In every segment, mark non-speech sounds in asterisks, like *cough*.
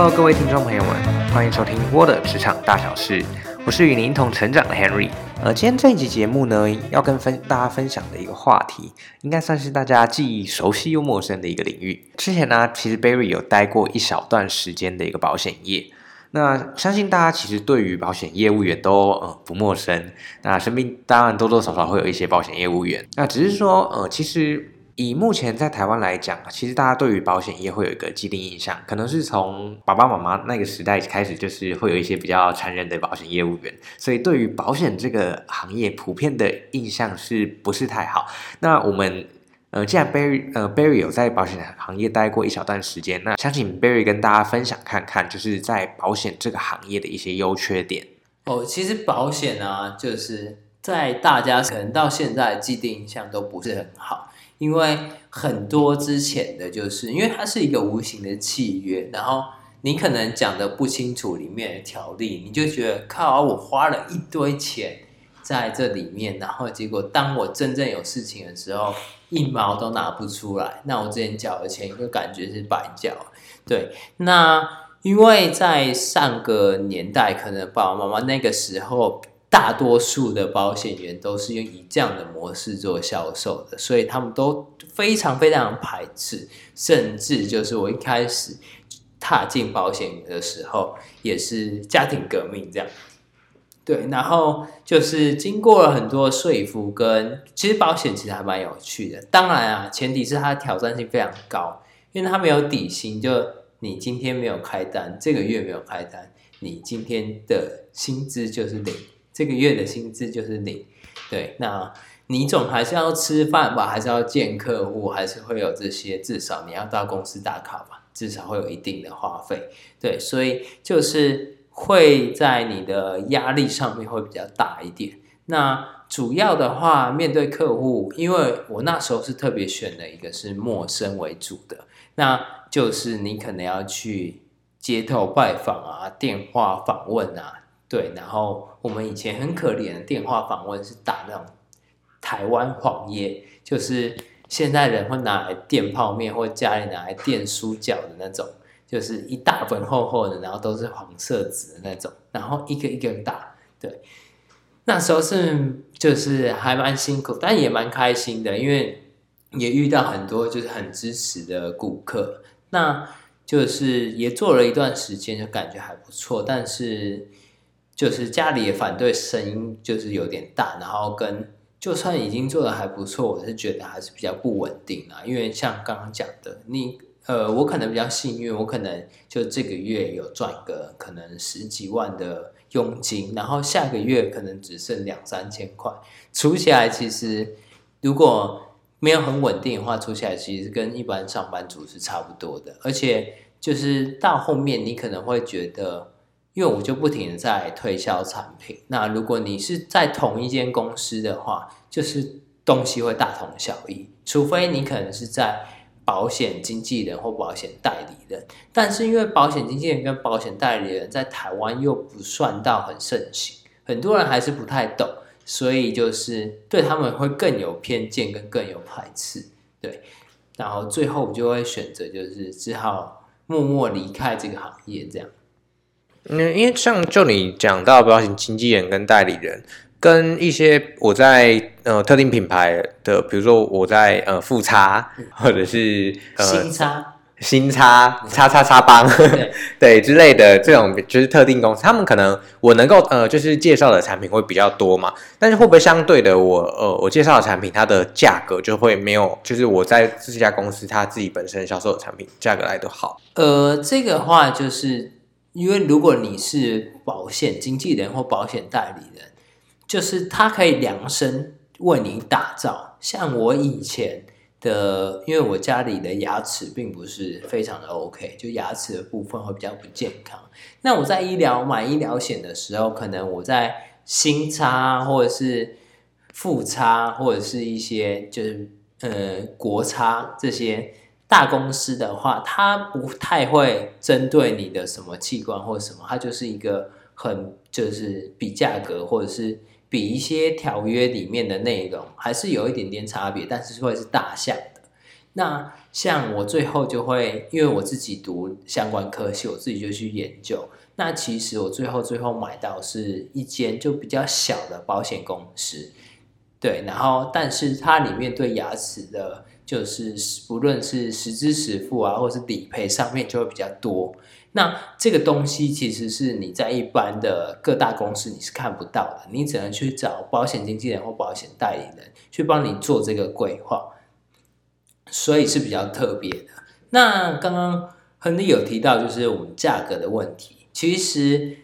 Hello，各位聽眾朋友們，歡迎收聽《我的職場大小事》，我是與您同成長的 Henry。呃，今天這一期節目呢，要跟分大家分享的一個話題，應該算是大家既熟悉又陌生的一個領域。之前呢，其實 Barry 有待過一小段時間的一個保險業。那相信大家其實對於保險業務員都呃不陌生。那身邊當然多多少少會有一些保險業務員。那只是說呃，其實。以目前在台灣來講，其實大家對於保險業會有一個既定印象，可能是從爸爸媽媽那個時代開始，就是會有一些比較殘忍的保險業務員，所以對於保險這個行業普遍的印象是不是太好。那我們呃，既然 Barry 呃 Barry 有在保險行業待過一小段時間，那想請 Barry 跟大家分享看看，就是在保險這個行業的一些優缺點。哦，其實保險啊，就是在大家可能到現在既定印象都不是很好。因為很多之前的就是，因為它是一個無形的契約，然後你可能講的不清楚裡面的條例，你就覺得靠啊，我花了一堆錢在這裡面，然後結果當我真正有事情的時候，一毛都拿不出來，那我之前繳的錢就感覺是白繳。對，那因為在上個年代，可能爸爸媽媽那個時候。大多數的保險員都是用以這樣的模式做銷售的，所以他們都非常非常排斥。甚至就是我一開始踏進保險的時候，也是家庭革命這樣。對，然後就是經過了很多說服跟，跟其實保險其實還蠻有趣的。當然啊，前提是它的挑戰性非常高，因為它沒有底薪，就你今天沒有開單，這個月沒有開單，你今天的薪資就是零。這個月的薪資就是零，對，那你總還是要吃飯吧，還是要見客戶，還是會有這些，至少你要到公司打卡吧，至少會有一定的花費，對，所以就是會在你的壓力上面會比較大一點。那主要的話，面對客戶，因為我那時候是特別選了一個是陌生為主的，那就是你可能要去街頭拜訪啊，電話訪問啊。對，然後我們以前很可憐的電話訪問是打那種台灣黃頁，就是現在人會拿來墊泡麵或家裡拿來墊書角的那種，就是一大本厚厚的，然後都是黃色紙的那種，然後一個一個打。對，那時候是就是還蠻辛苦，但也蠻開心的，因為也遇到很多就是很支持的顧客。那就是也做了一段時間，就感覺還不錯，但是。就是家裡的反對聲音就是有點大，然後跟就算已經做得還不錯，我是覺得還是比較不穩定啊。因為像剛剛講的，你呃，我可能比較幸運，我可能就這個月有賺個可能十幾萬的佣金，然後下個月可能只剩兩三千塊，除起來其實如果沒有很穩定的話，除起來其實跟一般上班族是差不多的。而且就是到後面，你可能會覺得。因為我就不停地在推銷產品。那如果你是在同一間公司的話，就是東西會大同小異。除非你可能是在保險經紀人或保險代理人，但是因為保險經紀人跟保險代理人在台灣又不算到很盛行，很多人還是不太懂，所以就是對他們會更有偏見跟更有排斥。對，然後最後我就會選擇，就是只好默默離開這個行業這樣。嗯，因為像就你講到比較，經紀人跟代理人跟一些我在呃特定品牌的，比如說我在呃富叉或者是、呃、新叉 X 新叉叉叉叉幫對， *laughs* 對之類的這種就是特定公司，他們可能我能夠呃就是介紹的產品會比較多嘛，但是會不會相對的我呃我介紹的產品它的價格就會沒有就是我在這家公司它自己本身銷售的產品價格來的好？呃，這個話就是。因為如果你是保險經紀人或保險代理人，就是他可以量身為你打造。像我以前的，因為我家裡的牙齒並不是非常的 OK，就牙齒的部分會比較不健康。那我在醫療買醫療險的時候，可能我在新差或者是副差或者是一些就是呃、嗯、國差這些。大公司的話，它不太會針對你的什麼器官或者什麼，它就是一個很就是比價格或者是比一些條約裡面的內容，還是有一點點差別，但是會是大項的。那像我最後就會因為我自己讀相關科系，我自己就去研究。那其實我最後最後買到是一間就比較小的保險公司，對，然後但是它裡面對牙齒的。就是不論是實支實付啊，或是理賠上面就會比較多。那這個東西其實是你在一般的各大公司你是看不到的，你只能去找保險經紀人或保險代理人去幫你做這個規劃，所以是比較特別的。那剛剛亨利有提到，就是我們價格的問題，其實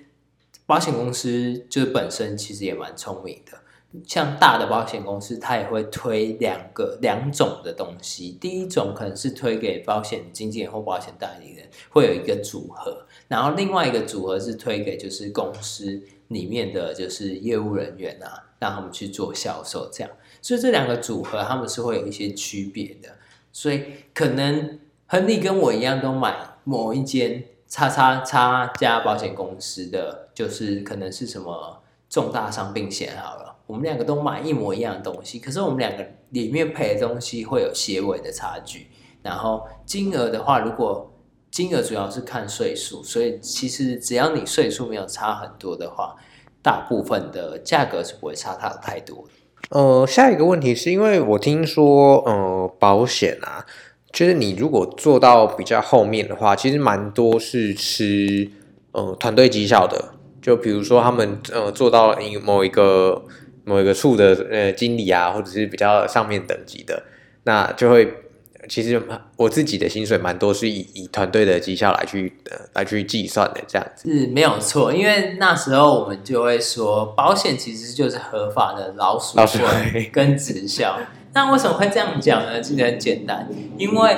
保險公司就是本身其實也蠻聰明的。像大的保險公司，它也會推兩個兩種的東西。第一種可能是推給保險經紀人或保險代理人，會有一個組合；然後另外一個組合是推給就是公司裡面的就是業務人員啊，讓他們去做銷售這樣。所以這兩個組合他們是會有一些區別的。所以可能亨利跟我一樣都買某一間叉叉叉家保險公司的，就是可能是什麼重大傷病險好了。我們兩個都買一模一樣的東西，可是我們兩個裡面配的東西會有些微的差距。然後金額的話，如果金額主要是看歲數，所以其實只要你歲數沒有差很多的話，大部分的價格是不會差太多。呃，下一個問題是因為我聽說，呃，保險啊，就是你如果做到比較後面的話，其實蠻多是吃，呃，團隊績效的。就比如說他們呃做到某一個。某一個處的呃經理啊，或者是比較上面等級的，那就會其實我自己的薪水蠻多是以以團隊的績效來去、呃、來去計算的這樣子。是沒有錯，因為那時候我們就會說，保險其實就是合法的老鼠會、老鼠跟直銷。那 *laughs* 為什麼會這樣講呢？其實很簡單，因為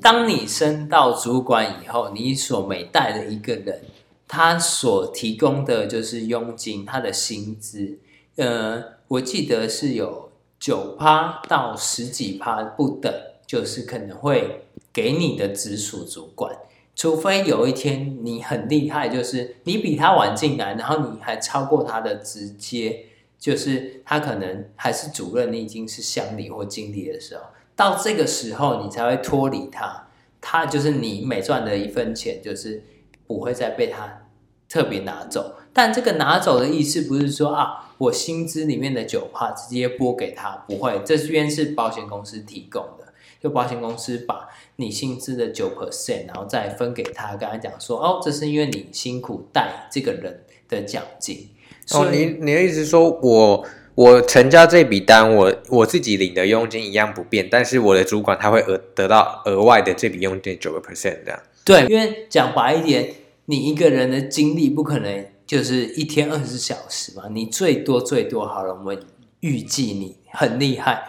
當你升到主管以後，你所每帶的一個人，他所提供的就是佣金，他的薪資。呃，我記得是有九趴到十幾趴不等，就是可能會給你的直屬主管，除非有一天你很厲害，就是你比他晚進來，然後你還超過他的直接，就是他可能還是主任，你已經是襄理或經理的時候，到這個時候你才會脫離他，他就是你每賺的一分錢，就是不會再被他特別拿走，但這個拿走的意思不是說啊。我薪資裡面的九趴直接撥給他，不會，這邊是保險公司提供的，就保險公司把你薪資的九 percent，然後再分給他。跟他講說，哦，這是因為你辛苦帶這個人的獎金。所以哦，你你的意思是說我我成交這筆單，我我自己領的佣金一樣不變，但是我的主管他會額得到額外的這筆佣金九個 percent 這樣。對，因為講白一點，你一個人的精力不可能。就是一天二十小時嘛，你最多最多好了，我預計你很厲害，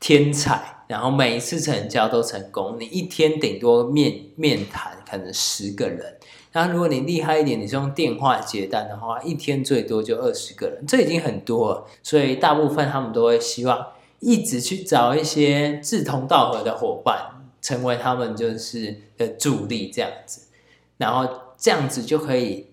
天才，然後每一次成交都成功，你一天頂多面面談可能十個人，然後如果你厲害一點，你是用電話接單的話，一天最多就二十個人，這已經很多了，所以大部分他們都會希望一直去找一些志同道合的夥伴，成為他們就是的助力這樣子，然後這樣子就可以。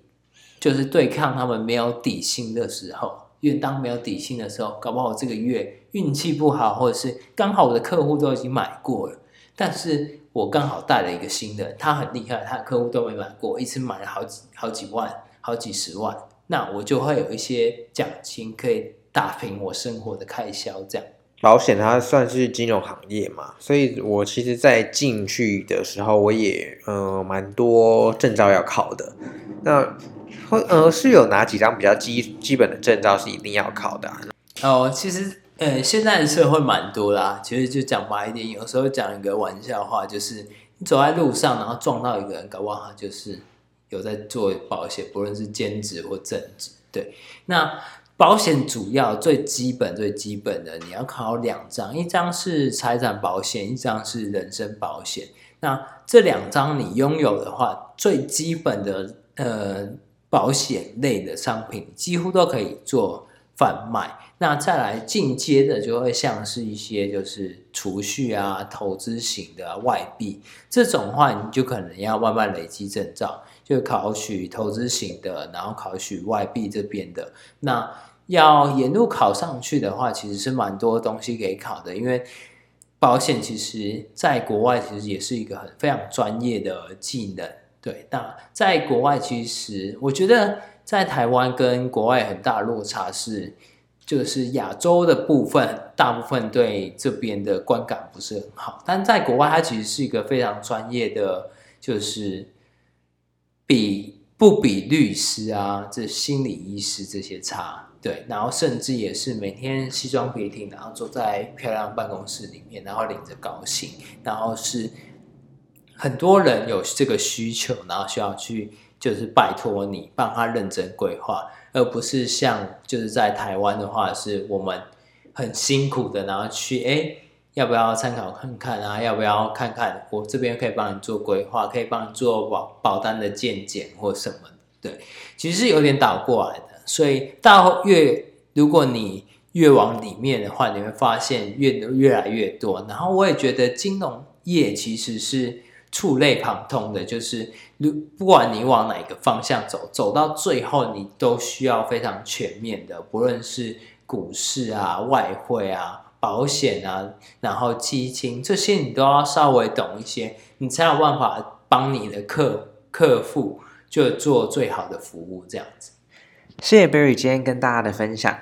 就是對抗他們沒有底薪的時候，因為當沒有底薪的時候，搞不好這個月運氣不好，或者是剛好我的客戶都已經買過了，但是我剛好帶了一個新的，他很厲害，他的客戶都沒買過，一次買了好幾，好幾萬，好幾十萬，那我就會有一些獎金可以打平我生活的開銷，這樣。保險它算是金融行業嘛，所以我其實，在進去的時候，我也呃，蠻多證照要考的。那會呃，是有哪幾張比較基基本的證照是一定要考的啊？哦，其實呃，欸，現在的社會蠻多啦。其實就講白一點，有時候講一個玩笑話，就是你走在路上，然後撞到一個人，搞不好就是有在做保險，不論是兼職或正職。對，那。保險主要最基本最基本的，你要考兩張，一張是財產保險，一張是人身保險。那這兩張你擁有的話，最基本的呃保險類的商品幾乎都可以做販賣。那再來進階的，就會像是一些就是儲蓄啊、投資型的、啊、外幣這種話，你就可能要慢慢累積證照。就考取投資型的，然後考取外幣這邊的。那要沿路考上去的話，其實是蠻多東西可以考的。因為保險其實在國外其實也是一個很非常專業的技能。對，那在國外其實我覺得在台灣跟國外很大的落差是，就是亞洲的部分大部分對這邊的觀感不是很好，但在國外它其實是一個非常專業的，就是。比不比律師啊，這心理醫師這些差，對，然後甚至也是每天西裝筆挺，然後坐在漂亮辦公室裡面，然後領著高薪。然後是很多人有這個需求，然後需要去就是拜托你幫他認真規劃，而不是像就是在台灣的話，是我們很辛苦的，然後去誒。要不要參考看看啊？要不要看看？我這邊可以幫你做規劃，可以幫你做保保單的健檢或什麼的，對，其實是有點倒過來的。所以，到越如果你越往裡面的話，你會發現越越來越多。然後，我也覺得金融業其實是觸類旁通的，就是不不管你往哪一個方向走，走到最後你都需要非常全面的，不論是股市啊、外匯啊。保險啊，然後基金這些，你都要稍微懂一些，你才有辦法幫你的客客戶就做最好的服務這樣子。謝謝 Berry 今天跟大家的分享。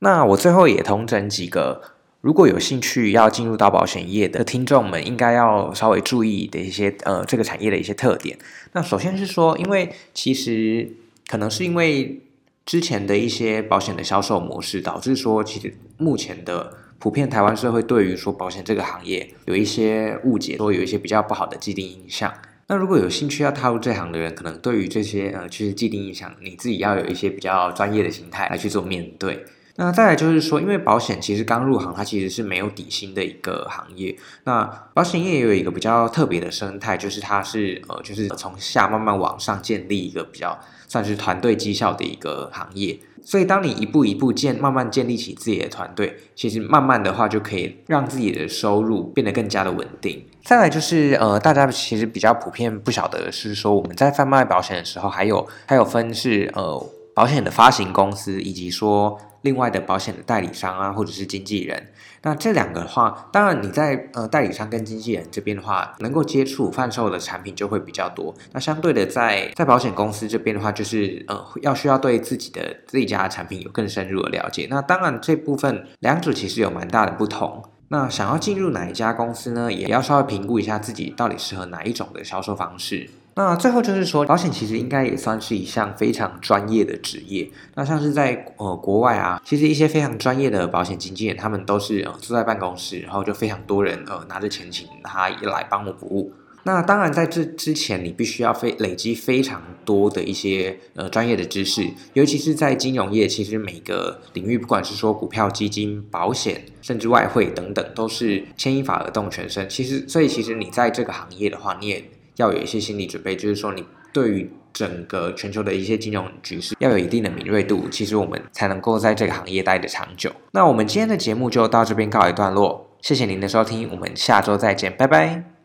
那我最後也統整幾個，如果有興趣要進入到保險業的聽眾們，應該要稍微注意的一些呃這個產業的一些特點。那首先是說，因為其實可能是因為之前的一些保險的銷售模式，導致說其實目前的。普遍台灣社會對於說保險這個行業有一些誤解，說有一些比較不好的既定印象。那如果有興趣要踏入這行的人，可能對於這些呃，其實既定印象，你自己要有一些比較專業的心態來去做面對。那再來就是說，因為保險其實剛入行，它其實是沒有底薪的一個行業。那保險業也有一個比較特別的生態，就是它是呃，就是從下慢慢往上建立一個比較算是團隊績效的一個行業。所以，當你一步一步建，慢慢建立起自己的團隊，其實慢慢的話，就可以讓自己的收入變得更加的穩定。再來就是，呃，大家其實比較普遍不曉得的是說，我們在販賣保險的時候，還有還有分是，呃，保險的發行公司以及說，另外的保險的代理商啊，或者是經紀人，那這兩個的話，當然你在呃代理商跟經紀人這邊的話，能夠接觸販售的產品就會比較多。那相對的在，在在保險公司這邊的話，就是呃要需要對自己的自己家的產品有更深入的了解。那當然這部分兩者其實有蠻大的不同。那想要進入哪一家公司呢，也要稍微評估一下自己到底適合哪一種的銷售方式。那最後就是說，保險其實應該也算是一項非常專業的職業。那像是在呃國外啊，其實一些非常專業的保險經紀人，他們都是、呃、坐在辦公室，然後就非常多人呃拿着錢請他來幫我服務。那當然在這之前，你必須要非累積非常多的一些呃專業的知識，尤其是在金融業，其實每個領域，不管是說股票、基金、保險，甚至外匯等等，都是牽一發而動全身。其實，所以其實你在這個行業的話，你也。要有一些心理準備，就是說你對於整個全球的一些金融局勢要有一定的敏銳度，其實我們才能夠在這個行業待得長久。那我們今天的節目就到這邊告一段落，謝謝您的收聽，我們下周再見，拜拜。